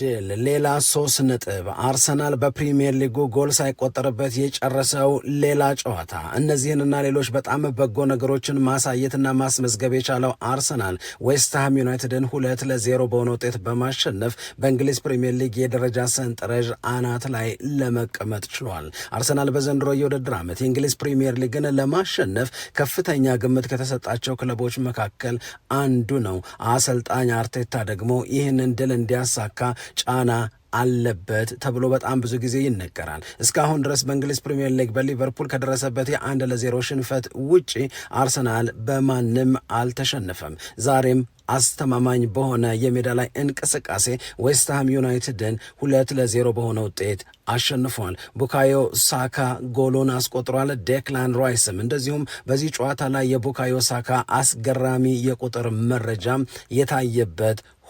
ድል ሌላ ሶስት ነጥብ። አርሰናል በፕሪምየር ሊጉ ጎል ሳይቆጠርበት የጨረሰው ሌላ ጨዋታ። እነዚህንና ሌሎች በጣም በጎ ነገሮችን ማሳየትና ማስመዝገብ የቻለው አርሰናል ዌስትሃም ዩናይትድን ሁለት ለዜሮ በሆነ ውጤት በማሸነፍ በእንግሊዝ ፕሪምየር ሊግ የደረጃ ሰንጠረዥ አናት ላይ ለመቀመጥ ችሏል። አርሰናል በዘንድሮ የውድድር ዓመት የእንግሊዝ ፕሪምየር ሊግን ለማሸነፍ ከፍተኛ ግምት ከተሰጣቸው ክለቦች መካከል አንዱ ነው። አሰልጣኝ አርቴታ ደግሞ ይህንን ድል እንዲያሳካ ጫና አለበት ተብሎ በጣም ብዙ ጊዜ ይነገራል። እስካሁን ድረስ በእንግሊዝ ፕሪምየር ሊግ በሊቨርፑል ከደረሰበት የአንድ ለዜሮ ሽንፈት ውጪ አርሰናል በማንም አልተሸነፈም። ዛሬም አስተማማኝ በሆነ የሜዳ ላይ እንቅስቃሴ ዌስትሃም ዩናይትድን ሁለት ለዜሮ በሆነ ውጤት አሸንፏል። ቡካዮ ሳካ ጎሎን አስቆጥሯል። ዴክላን ራይስም እንደዚሁም በዚህ ጨዋታ ላይ የቡካዮ ሳካ አስገራሚ የቁጥር መረጃም የታየበት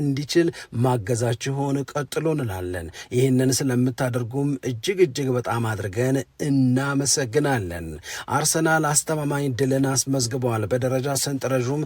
እንዲችል ማገዛችሁን ቀጥሎ እንላለን። ይህንን ስለምታደርጉም እጅግ እጅግ በጣም አድርገን እናመሰግናለን። አርሰናል አስተማማኝ ድልን አስመዝግበዋል። በደረጃ ሰንጠረዡም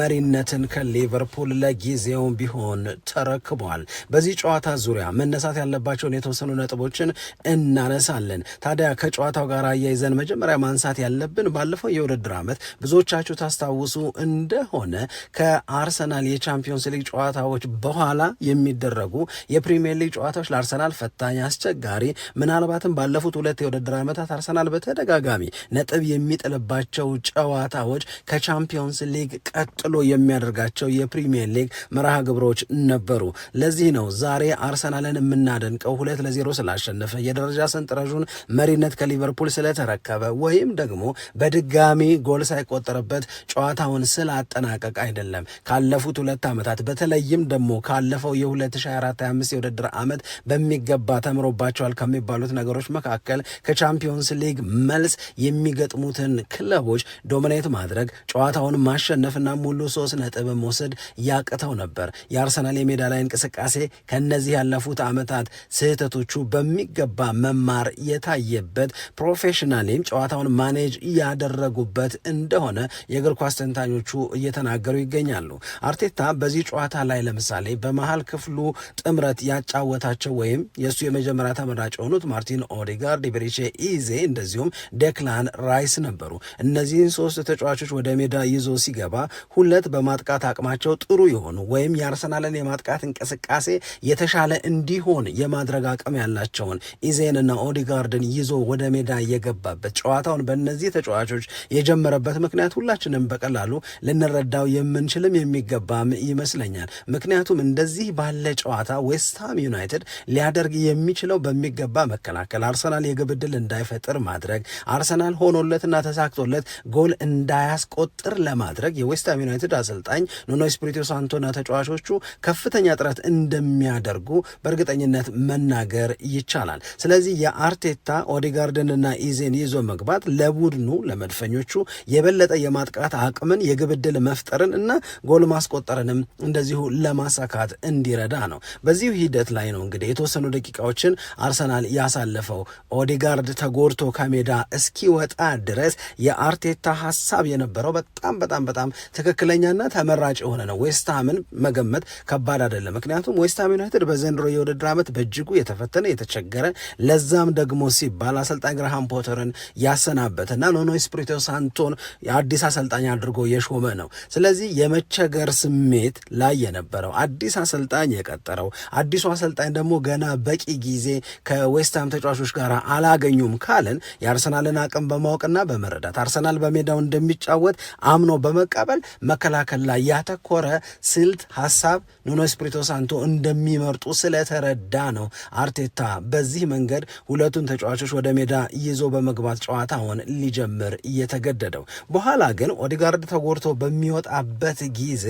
መሪነትን ከሊቨርፑል ለጊዜውም ቢሆን ተረክቧል። በዚህ ጨዋታ ዙሪያ መነሳት ያለባቸውን የተወሰኑ ነጥቦችን እናነሳለን። ታዲያ ከጨዋታው ጋር አያይዘን መጀመሪያ ማንሳት ያለብን ባለፈው የውድድር ዓመት ብዙዎቻችሁ ታስታውሱ እንደሆነ ከአርሰናል የቻምፒዮንስ ሊግ ጨዋታ ጨዋታዎች በኋላ የሚደረጉ የፕሪሚየር ሊግ ጨዋታዎች ለአርሰናል ፈታኝ፣ አስቸጋሪ ምናልባትም ባለፉት ሁለት የውድድር ዓመታት አርሰናል በተደጋጋሚ ነጥብ የሚጥልባቸው ጨዋታዎች ከቻምፒዮንስ ሊግ ቀጥሎ የሚያደርጋቸው የፕሪሚየር ሊግ መርሃ ግብሮች ነበሩ። ለዚህ ነው ዛሬ አርሰናልን የምናደንቀው ሁለት ለዜሮ ስላሸነፈ የደረጃ ሰንጠረዡን መሪነት ከሊቨርፑል ስለተረከበ ወይም ደግሞ በድጋሚ ጎል ሳይቆጠርበት ጨዋታውን ስላጠናቀቅ አይደለም። ካለፉት ሁለት ዓመታት በተለይም በተለይም ደግሞ ካለፈው የ2024/25 የውድድር ዓመት በሚገባ ተምሮባቸዋል ከሚባሉት ነገሮች መካከል ከቻምፒዮንስ ሊግ መልስ የሚገጥሙትን ክለቦች ዶሚኔት ማድረግ ጨዋታውን ማሸነፍና ሙሉ ሶስት ነጥብ መውሰድ ያቅተው ነበር። የአርሰናል የሜዳ ላይ እንቅስቃሴ ከእነዚህ ያለፉት ዓመታት ስህተቶቹ በሚገባ መማር የታየበት ፕሮፌሽናሊም ጨዋታውን ማኔጅ ያደረጉበት እንደሆነ የእግር ኳስ ተንታኞቹ እየተናገሩ ይገኛሉ። አርቴታ በዚህ ጨዋታ ላይ ለምሳሌ በመሀል ክፍሉ ጥምረት ያጫወታቸው ወይም የእሱ የመጀመሪያ ተመራጭ የሆኑት ማርቲን ኦዴጋርድ፣ ቤሪቼ ኢዜ እንደዚሁም ዴክላን ራይስ ነበሩ። እነዚህን ሶስት ተጫዋቾች ወደ ሜዳ ይዞ ሲገባ ሁለት በማጥቃት አቅማቸው ጥሩ የሆኑ ወይም የአርሰናልን የማጥቃት እንቅስቃሴ የተሻለ እንዲሆን የማድረግ አቅም ያላቸውን ኢዜንና ኦዴጋርድን ይዞ ወደ ሜዳ የገባበት ጨዋታውን በእነዚህ ተጫዋቾች የጀመረበት ምክንያት ሁላችንም በቀላሉ ልንረዳው የምንችልም የሚገባም ይመስለኛል። ምክንያቱም እንደዚህ ባለ ጨዋታ ዌስትሃም ዩናይትድ ሊያደርግ የሚችለው በሚገባ መከላከል፣ አርሰናል የግብ ዕድል እንዳይፈጥር ማድረግ፣ አርሰናል ሆኖለትና ተሳክቶለት ጎል እንዳያስቆጥር ለማድረግ የዌስትሃም ዩናይትድ አሰልጣኝ ኑኖ ኤስፒሪቶ ሳንቶና ተጫዋቾቹ ከፍተኛ ጥረት እንደሚያደርጉ በእርግጠኝነት መናገር ይቻላል። ስለዚህ የአርቴታ ኦዴጋርድንና ኢዜን ይዞ መግባት ለቡድኑ ለመድፈኞቹ የበለጠ የማጥቃት አቅምን የግብ ዕድል መፍጠርን እና ጎል ማስቆጠርንም እንደዚሁ ለማሳካት እንዲረዳ ነው። በዚሁ ሂደት ላይ ነው እንግዲህ የተወሰኑ ደቂቃዎችን አርሰናል ያሳለፈው። ኦዴጋርድ ተጎድቶ ከሜዳ እስኪወጣ ድረስ የአርቴታ ሀሳብ የነበረው በጣም በጣም በጣም ትክክለኛና ተመራጭ የሆነ ነው። ዌስትሃምን መገመት ከባድ አይደለም። ምክንያቱም ዌስትሃም ዩናይትድ በዘንድሮ የውድድር ዓመት በእጅጉ የተፈተነ የተቸገረ፣ ለዛም ደግሞ ሲባል አሰልጣኝ ግርሃም ፖተርን ያሰናበተና ኖኖ ስፕሪቶ ሳንቶን አዲስ አሰልጣኝ አድርጎ የሾመ ነው። ስለዚህ የመቸገር ስሜት ላይ የነበ የነበረው አዲስ አሰልጣኝ የቀጠረው። አዲሱ አሰልጣኝ ደግሞ ገና በቂ ጊዜ ከዌስትሃም ተጫዋቾች ጋር አላገኙም ካልን የአርሰናልን አቅም በማወቅና በመረዳት አርሰናል በሜዳው እንደሚጫወት አምኖ በመቀበል መከላከል ላይ ያተኮረ ስልት ሀሳብ ኑኖ ስፕሪቶ ሳንቶ እንደሚመርጡ ስለተረዳ ነው አርቴታ በዚህ መንገድ ሁለቱን ተጫዋቾች ወደ ሜዳ ይዞ በመግባት ጨዋታውን ሊጀምር እየተገደደው። በኋላ ግን ኦዲጋርድ ተጎድቶ በሚወጣበት ጊዜ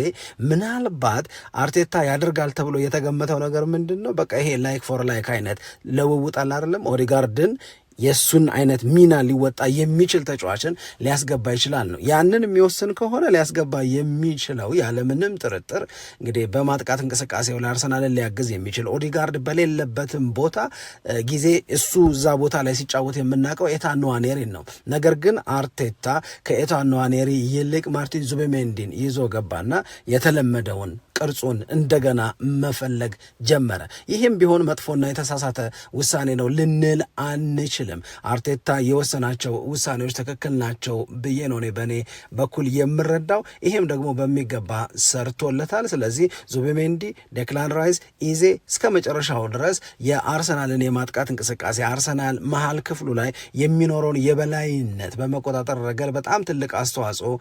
ምናልባት አርቴታ ያደርጋል ተብሎ የተገመተው ነገር ምንድን ነው? በቃ ይሄ ላይክ ፎር ላይክ አይነት ልውውጥ አለ አይደለም ኦዲጋርድን የእሱን አይነት ሚና ሊወጣ የሚችል ተጫዋችን ሊያስገባ ይችላል ነው። ያንን የሚወስን ከሆነ ሊያስገባ የሚችለው ያለምንም ጥርጥር እንግዲህ በማጥቃት እንቅስቃሴው ለአርሰናልን ሊያግዝ የሚችል ኦዲጋርድ በሌለበትም ቦታ ጊዜ እሱ እዛ ቦታ ላይ ሲጫወት የምናውቀው ኤታኖዋኔሪ ነው። ነገር ግን አርቴታ ከኤታ ኑዋኔሪ ይልቅ ማርቲን ዙቤሜንዲን ይዞ ገባና የተለመደውን ቅርጹን እንደገና መፈለግ ጀመረ። ይህም ቢሆን መጥፎና የተሳሳተ ውሳኔ ነው ልንል አንችል አልልም። አርቴታ የወሰናቸው ውሳኔዎች ትክክል ናቸው ብዬ ነው እኔ በእኔ በኩል የምረዳው። ይሄም ደግሞ በሚገባ ሰርቶለታል። ስለዚህ ዙቤሜንዲ፣ ዴክላን ራይስ፣ ኢዜ እስከ መጨረሻው ድረስ የአርሰናልን የማጥቃት እንቅስቃሴ አርሰናል መሀል ክፍሉ ላይ የሚኖረውን የበላይነት በመቆጣጠር ረገድ በጣም ትልቅ አስተዋጽኦ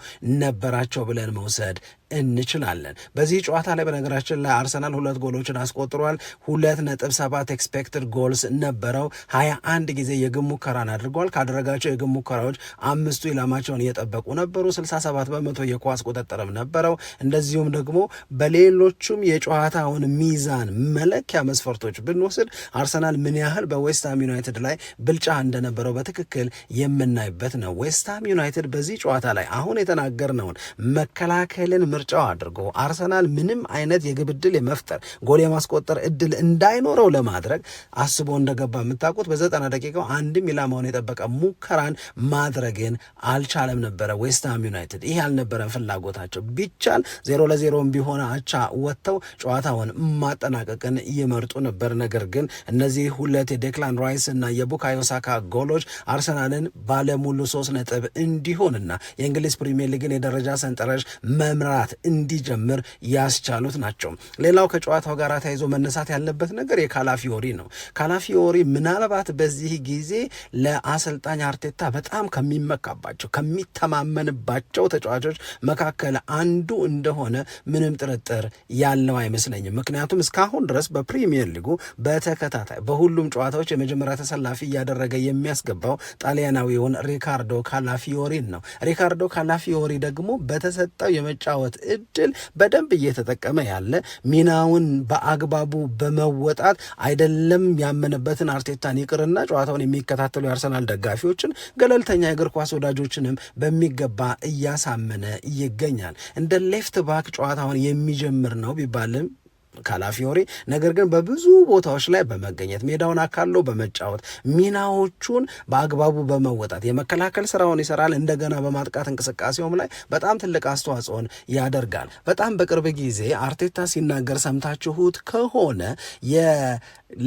ነበራቸው ብለን መውሰድ እንችላለን። በዚህ ጨዋታ ላይ በነገራችን ላይ አርሰናል ሁለት ጎሎችን አስቆጥሯል። ሁለት ነጥብ ሰባት ኤክስፔክትድ ጎልስ ነበረው ሀያ አንድ ጊዜ የግ የግብ ሙከራን አድርገዋል። ካደረጋቸው የግብ ሙከራዎች አምስቱ ኢላማቸውን እየጠበቁ ነበሩ። 67 በመቶ የኳስ ቁጥጥርም ነበረው። እንደዚሁም ደግሞ በሌሎቹም የጨዋታውን ሚዛን መለኪያ መስፈርቶች ብንወስድ አርሰናል ምን ያህል በዌስትሃም ዩናይትድ ላይ ብልጫ እንደነበረው በትክክል የምናይበት ነው። ዌስትሃም ዩናይትድ በዚህ ጨዋታ ላይ አሁን የተናገርነውን መከላከልን ምርጫው አድርጎ አርሰናል ምንም አይነት የግብ ድል የመፍጠር ጎል የማስቆጠር እድል እንዳይኖረው ለማድረግ አስቦ እንደገባ የምታውቁት በዘጠና ደቂቃው አንድም ኢላማውን የጠበቀ ሙከራን ማድረግን አልቻለም ነበረ ዌስትሃም ዩናይትድ። ይህ ያልነበረ ፍላጎታቸው። ቢቻል ዜሮ ለዜሮም ቢሆን አቻ ወጥተው ጨዋታውን ማጠናቀቅን ይመርጡ ነበር። ነገር ግን እነዚህ ሁለት የዴክላን ራይስ እና የቡካዮ ሳካ ጎሎች አርሰናልን ባለሙሉ ሶስት ነጥብ እንዲሆንና የእንግሊዝ ፕሪሚየር ሊግን የደረጃ ሰንጠረዥ መምራት እንዲጀምር ያስቻሉት ናቸው። ሌላው ከጨዋታው ጋር ተያይዞ መነሳት ያለበት ነገር የካላፊዮሪ ነው። ካላፊዮሪ ምናልባት በዚህ ጊዜ ለአሰልጣኝ አርቴታ በጣም ከሚመካባቸው ከሚተማመንባቸው ተጫዋቾች መካከል አንዱ እንደሆነ ምንም ጥርጥር ያለው አይመስለኝም። ምክንያቱም እስካሁን ድረስ በፕሪሚየር ሊጉ በተከታታይ በሁሉም ጨዋታዎች የመጀመሪያ ተሰላፊ እያደረገ የሚያስገባው ጣሊያናዊውን ሪካርዶ ካላፊዮሪን ነው። ሪካርዶ ካላፊዮሪ ደግሞ በተሰጠው የመጫወት እድል በደንብ እየተጠቀመ ያለ ሚናውን በአግባቡ በመወጣት አይደለም ያመነበትን አርቴታን ይቅርና ጨዋታውን የሚ የሚከታተሉ የአርሰናል ደጋፊዎችን፣ ገለልተኛ የእግር ኳስ ወዳጆችንም በሚገባ እያሳመነ ይገኛል። እንደ ሌፍት ባክ ጨዋታውን የሚጀምር ነው ቢባልም ካላፊዮሪ ነገር ግን በብዙ ቦታዎች ላይ በመገኘት ሜዳውን አካሎ በመጫወት ሚናዎቹን በአግባቡ በመወጣት የመከላከል ስራውን ይሰራል። እንደገና በማጥቃት እንቅስቃሴውም ላይ በጣም ትልቅ አስተዋጽኦን ያደርጋል። በጣም በቅርብ ጊዜ አርቴታ ሲናገር ሰምታችሁት ከሆነ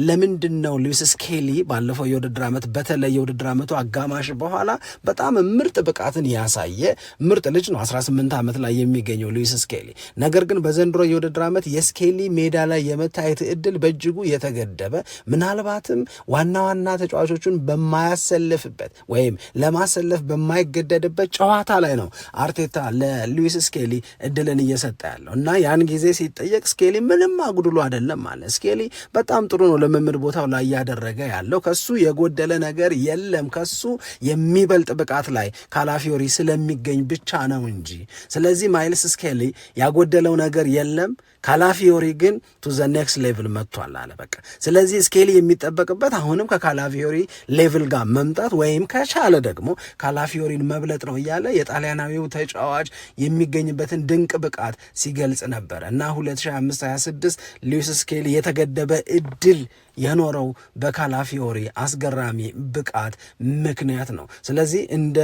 ለምንድን ነው ሉዊስ ስኬሊ ባለፈው የውድድር ዓመት በተለይ የውድድር ዓመቱ አጋማሽ በኋላ በጣም ምርጥ ብቃትን ያሳየ ምርጥ ልጅ ነው 18 ዓመት ላይ የሚገኘው ሉዊስ ስኬሊ። ነገር ግን በዘንድሮ የውድድር ዓመት የስኬሊ ሜዳ ላይ የመታየት እድል በእጅጉ የተገደበ ምናልባትም ዋና ዋና ተጫዋቾቹን በማያሰልፍበት ወይም ለማሰለፍ በማይገደድበት ጨዋታ ላይ ነው አርቴታ ለሉዊስ ስኬሊ እድልን እየሰጠ ያለው እና ያን ጊዜ ሲጠየቅ ስኬሊ ምንም አጉድሎ አይደለም አለ። ስኬሊ በጣም ጥሩ ነው ልምምድ ቦታው ላይ እያደረገ ያለው። ከሱ የጎደለ ነገር የለም። ከሱ የሚበልጥ ብቃት ላይ ካላፊዮሪ ስለሚገኝ ብቻ ነው እንጂ። ስለዚህ ማይልስ ስኬሊ ያጎደለው ነገር የለም። ካላፊዮሪ ግን ቱ ዘ ኔክስት ሌቭል መጥቷል አለ በቃ። ስለዚህ ስኬሊ የሚጠበቅበት አሁንም ከካላፊዮሪ ሌቭል ጋር መምጣት ወይም ከቻለ ደግሞ ካላፊዮሪን መብለጥ ነው እያለ የጣሊያናዊው ተጫዋች የሚገኝበትን ድንቅ ብቃት ሲገልጽ ነበረ እና 2025 ሉዊስ ስኬሊ የተገደበ እድል የኖረው በካላፊዮሪ አስገራሚ ብቃት ምክንያት ነው። ስለዚህ እንደ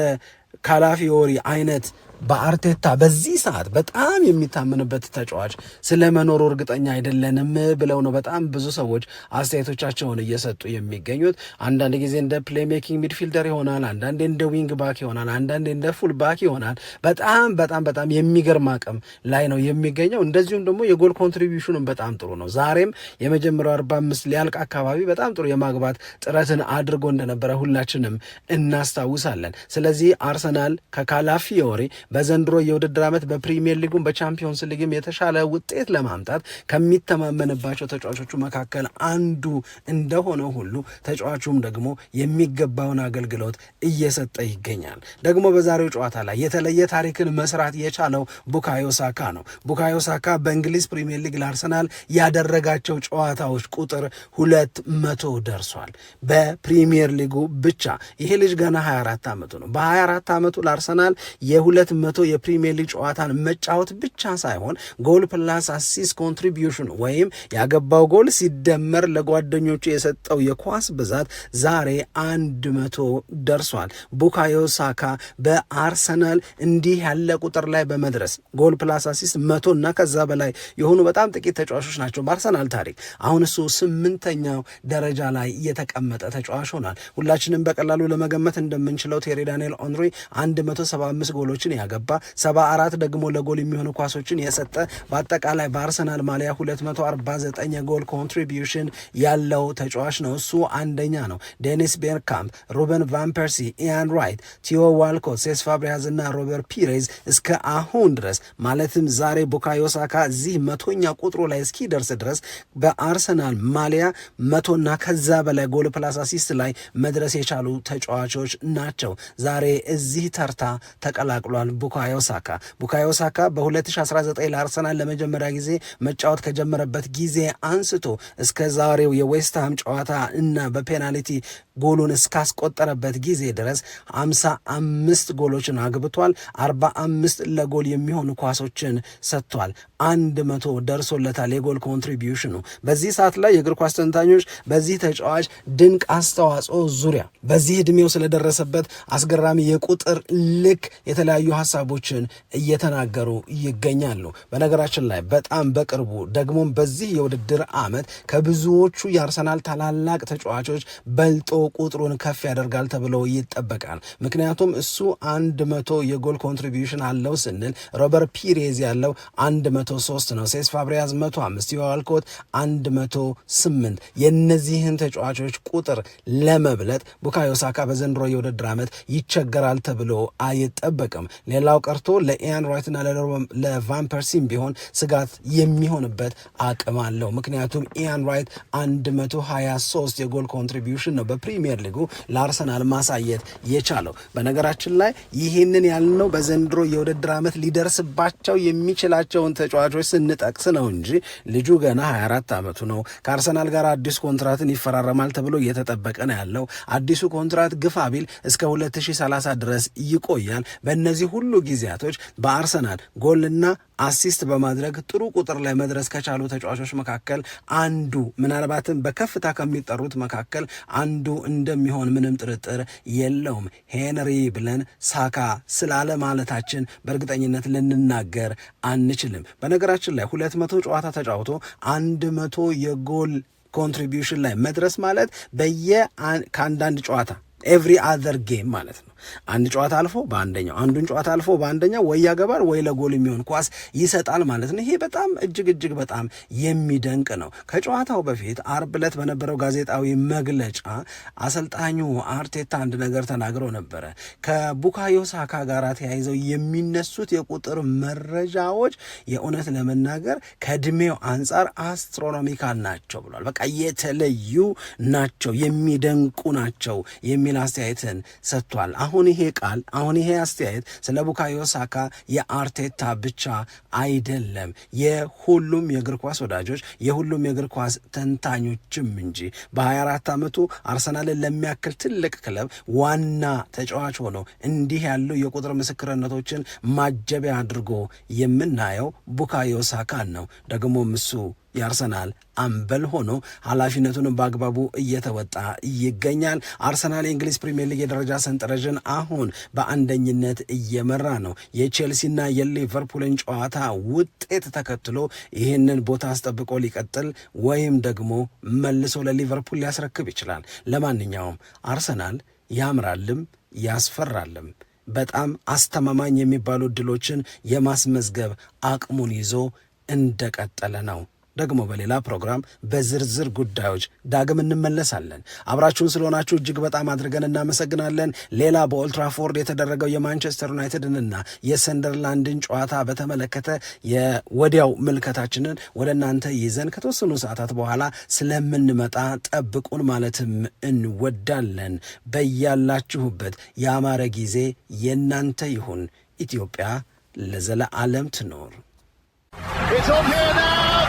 ካላፊዮሪ አይነት በአርቴታ በዚህ ሰዓት በጣም የሚታመንበት ተጫዋች ስለመኖሩ እርግጠኛ አይደለንም ብለው ነው በጣም ብዙ ሰዎች አስተያየቶቻቸውን እየሰጡ የሚገኙት። አንዳንድ ጊዜ እንደ ፕሌሜኪንግ ሚድፊልደር ይሆናል፣ አንዳንዴ እንደ ዊንግ ባክ ይሆናል፣ አንዳንዴ እንደ ፉል ባክ ይሆናል። በጣም በጣም በጣም የሚገርም አቅም ላይ ነው የሚገኘው። እንደዚሁም ደግሞ የጎል ኮንትሪቢሽኑን በጣም ጥሩ ነው። ዛሬም የመጀመሪያው አርባ አምስት ሊያልቅ አካባቢ በጣም ጥሩ የማግባት ጥረትን አድርጎ እንደነበረ ሁላችንም እናስታውሳለን። ስለዚህ አርሰናል ከካላፊዮሪ በዘንድሮ የውድድር ዓመት በፕሪሚየር ሊጉም በቻምፒዮንስ ሊግም የተሻለ ውጤት ለማምጣት ከሚተማመንባቸው ተጫዋቾቹ መካከል አንዱ እንደሆነ ሁሉ ተጫዋቹም ደግሞ የሚገባውን አገልግሎት እየሰጠ ይገኛል። ደግሞ በዛሬው ጨዋታ ላይ የተለየ ታሪክን መስራት የቻለው ቡካዮ ሳካ ነው። ቡካዮ ሳካ በእንግሊዝ ፕሪሚየር ሊግ ለአርሰናል ያደረጋቸው ጨዋታዎች ቁጥር ሁለት መቶ ደርሷል። በፕሪሚየር ሊጉ ብቻ ይሄ ልጅ ገና 24 ዓመቱ ነው። በ24 ዓመቱ ለአርሰናል የሁለት መቶ የፕሪሚየር ሊግ ጨዋታን መጫወት ብቻ ሳይሆን ጎል ፕላስ አሲስ ኮንትሪቢሽን ወይም ያገባው ጎል ሲደመር ለጓደኞቹ የሰጠው የኳስ ብዛት ዛሬ አንድ መቶ ደርሷል። ቡካዮ ሳካ በአርሰናል እንዲህ ያለ ቁጥር ላይ በመድረስ ጎል ፕላስ አሲስ መቶ እና ከዛ በላይ የሆኑ በጣም ጥቂት ተጫዋቾች ናቸው በአርሰናል ታሪክ። አሁን እሱ ስምንተኛው ደረጃ ላይ የተቀመጠ ተጫዋች ሆኗል። ሁላችንም በቀላሉ ለመገመት እንደምንችለው ቴሪ ዳንኤል ኦንሪ 175 ጎሎችን ያገባ 74 ደግሞ ለጎል የሚሆኑ ኳሶችን የሰጠ በአጠቃላይ በአርሰናል ማሊያ 249 የጎል ኮንትሪቢዩሽን ያለው ተጫዋች ነው። እሱ አንደኛ ነው። ዴኒስ ቤርካምፕ፣ ሩበን ቫንፐርሲ ኢያን ራይት፣ ቲዮ ዋልኮት፣ ሴስ ፋብሪያዝ እና ሮበርት ፒሬዝ እስከ አሁን ድረስ ማለትም ዛሬ ቡካዮሳካ እዚህ መቶኛ ቁጥሩ ላይ እስኪደርስ ድረስ በአርሰናል ማሊያ መቶና ከዛ በላይ ጎል ፕላስ አሲስት ላይ መድረስ የቻሉ ተጫዋቾች ናቸው። ዛሬ እዚህ ተርታ ተቀላቅሏል። ቡካዮ ሳካ ቡካዮ ሳካ በ2019 ለአርሰናል ለመጀመሪያ ጊዜ መጫወት ከጀመረበት ጊዜ አንስቶ እስከ ዛሬው የዌስትሃም ጨዋታ እና በፔናልቲ ጎሉን እስካስቆጠረበት ጊዜ ድረስ 55 ጎሎችን አግብቷል። 45 ለጎል የሚሆኑ ኳሶችን ሰጥቷል። አንድ መቶ ደርሶለታል የጎል ኮንትሪቢዩሽኑ። በዚህ ሰዓት ላይ የእግር ኳስ ተንታኞች በዚህ ተጫዋች ድንቅ አስተዋጽኦ ዙሪያ በዚህ እድሜው ስለደረሰበት አስገራሚ የቁጥር ልክ የተለያዩ ሀሳቦችን እየተናገሩ ይገኛሉ። በነገራችን ላይ በጣም በቅርቡ ደግሞም በዚህ የውድድር ዓመት ከብዙዎቹ የአርሰናል ታላላቅ ተጫዋቾች በልጦ ቁጥሩን ከፍ ያደርጋል ተብሎ ይጠበቃል። ምክንያቱም እሱ አንድ መቶ የጎል ኮንትሪቢዩሽን አለው ስንል ሮበርት ፒሬዝ ያለው አንድ መቶ ሶስት ነው። ሴስ ፋብሪያዝ መቶ አምስት የዋልኮት አንድ መቶ ስምንት የእነዚህን ተጫዋቾች ቁጥር ለመብለጥ ቡካዮ ሳካ በዘንድሮ የውድድር ዓመት ይቸገራል ተብሎ አይጠበቅም። ሌላው ቀርቶ ለኢያን ራይትና ለቫን ፐርሲም ቢሆን ስጋት የሚሆንበት አቅም አለው። ምክንያቱም ኢያን ራይት 123 የጎል ኮንትሪቢሽን ነው በፕሪሚየር ሊጉ ለአርሰናል ማሳየት የቻለው። በነገራችን ላይ ይህንን ያልነው በዘንድሮ የውድድር ዓመት ሊደርስባቸው የሚችላቸውን ተጫዋቾች ስንጠቅስ ነው እንጂ ልጁ ገና 24 ዓመቱ ነው። ከአርሰናል ጋር አዲስ ኮንትራትን ይፈራረማል ተብሎ እየተጠበቀ ነው ያለው። አዲሱ ኮንትራት ግፋ ቢል እስከ 2030 ድረስ ይቆያል። በእነዚህ ሁሉ ጊዜያቶች በአርሰናል ጎልና አሲስት በማድረግ ጥሩ ቁጥር ላይ መድረስ ከቻሉ ተጫዋቾች መካከል አንዱ ምናልባትም በከፍታ ከሚጠሩት መካከል አንዱ እንደሚሆን ምንም ጥርጥር የለውም። ሄንሪ ብለን ሳካ ስላለ ማለታችን በእርግጠኝነት ልንናገር አንችልም። በነገራችን ላይ ሁለት መቶ ጨዋታ ተጫውቶ አንድ መቶ የጎል ኮንትሪቢሽን ላይ መድረስ ማለት በየ ከአንዳንድ ጨዋታ ኤቭሪ አዘር ጌም ማለት ነው። አንድ ጨዋታ አልፎ በአንደኛው አንዱን ጨዋታ አልፎ በአንደኛው ወይ ያገባል ወይ ለጎል የሚሆን ኳስ ይሰጣል ማለት ነው። ይሄ በጣም እጅግ እጅግ በጣም የሚደንቅ ነው። ከጨዋታው በፊት አርብ ዕለት በነበረው ጋዜጣዊ መግለጫ አሰልጣኙ አርቴታ አንድ ነገር ተናግረው ነበረ። ከቡካዮ ሳካ ጋር ተያይዘው የሚነሱት የቁጥር መረጃዎች የእውነት ለመናገር ከእድሜው አንጻር አስትሮኖሚካል ናቸው ብሏል። በቃ የተለዩ ናቸው፣ የሚደንቁ ናቸው የሚ የሚል አስተያየትን ሰጥቷል። አሁን ይሄ ቃል አሁን ይሄ አስተያየት ስለ ቡካዮ ሳካ የአርቴታ ብቻ አይደለም የሁሉም የእግር ኳስ ወዳጆች የሁሉም የእግር ኳስ ተንታኞችም እንጂ በ24 ዓመቱ አርሰናልን ለሚያክል ትልቅ ክለብ ዋና ተጫዋች ሆኖ እንዲህ ያሉ የቁጥር ምስክርነቶችን ማጀቢያ አድርጎ የምናየው ቡካዮ ሳካን ነው። ደግሞም እሱ የአርሰናል አምበል ሆኖ ኃላፊነቱን በአግባቡ እየተወጣ ይገኛል። አርሰናል የእንግሊዝ ፕሪምየር ሊግ የደረጃ ሰንጠረዥን አሁን በአንደኝነት እየመራ ነው። የቼልሲና የሊቨርፑልን ጨዋታ ውጤት ተከትሎ ይህንን ቦታ አስጠብቆ ሊቀጥል ወይም ደግሞ መልሶ ለሊቨርፑል ሊያስረክብ ይችላል። ለማንኛውም አርሰናል ያምራልም ያስፈራልም በጣም አስተማማኝ የሚባሉ ድሎችን የማስመዝገብ አቅሙን ይዞ እንደቀጠለ ነው። ደግሞ በሌላ ፕሮግራም በዝርዝር ጉዳዮች ዳግም እንመለሳለን። አብራችሁን ስለሆናችሁ እጅግ በጣም አድርገን እናመሰግናለን። ሌላ በኦልትራፎርድ የተደረገው የማንቸስተር ዩናይትድንና የሰንደርላንድን ጨዋታ በተመለከተ የወዲያው ምልከታችንን ወደ እናንተ ይዘን ከተወሰኑ ሰዓታት በኋላ ስለምንመጣ ጠብቁን ማለትም እንወዳለን። በያላችሁበት የአማረ ጊዜ የእናንተ ይሁን። ኢትዮጵያ ለዘለዓለም ትኖር።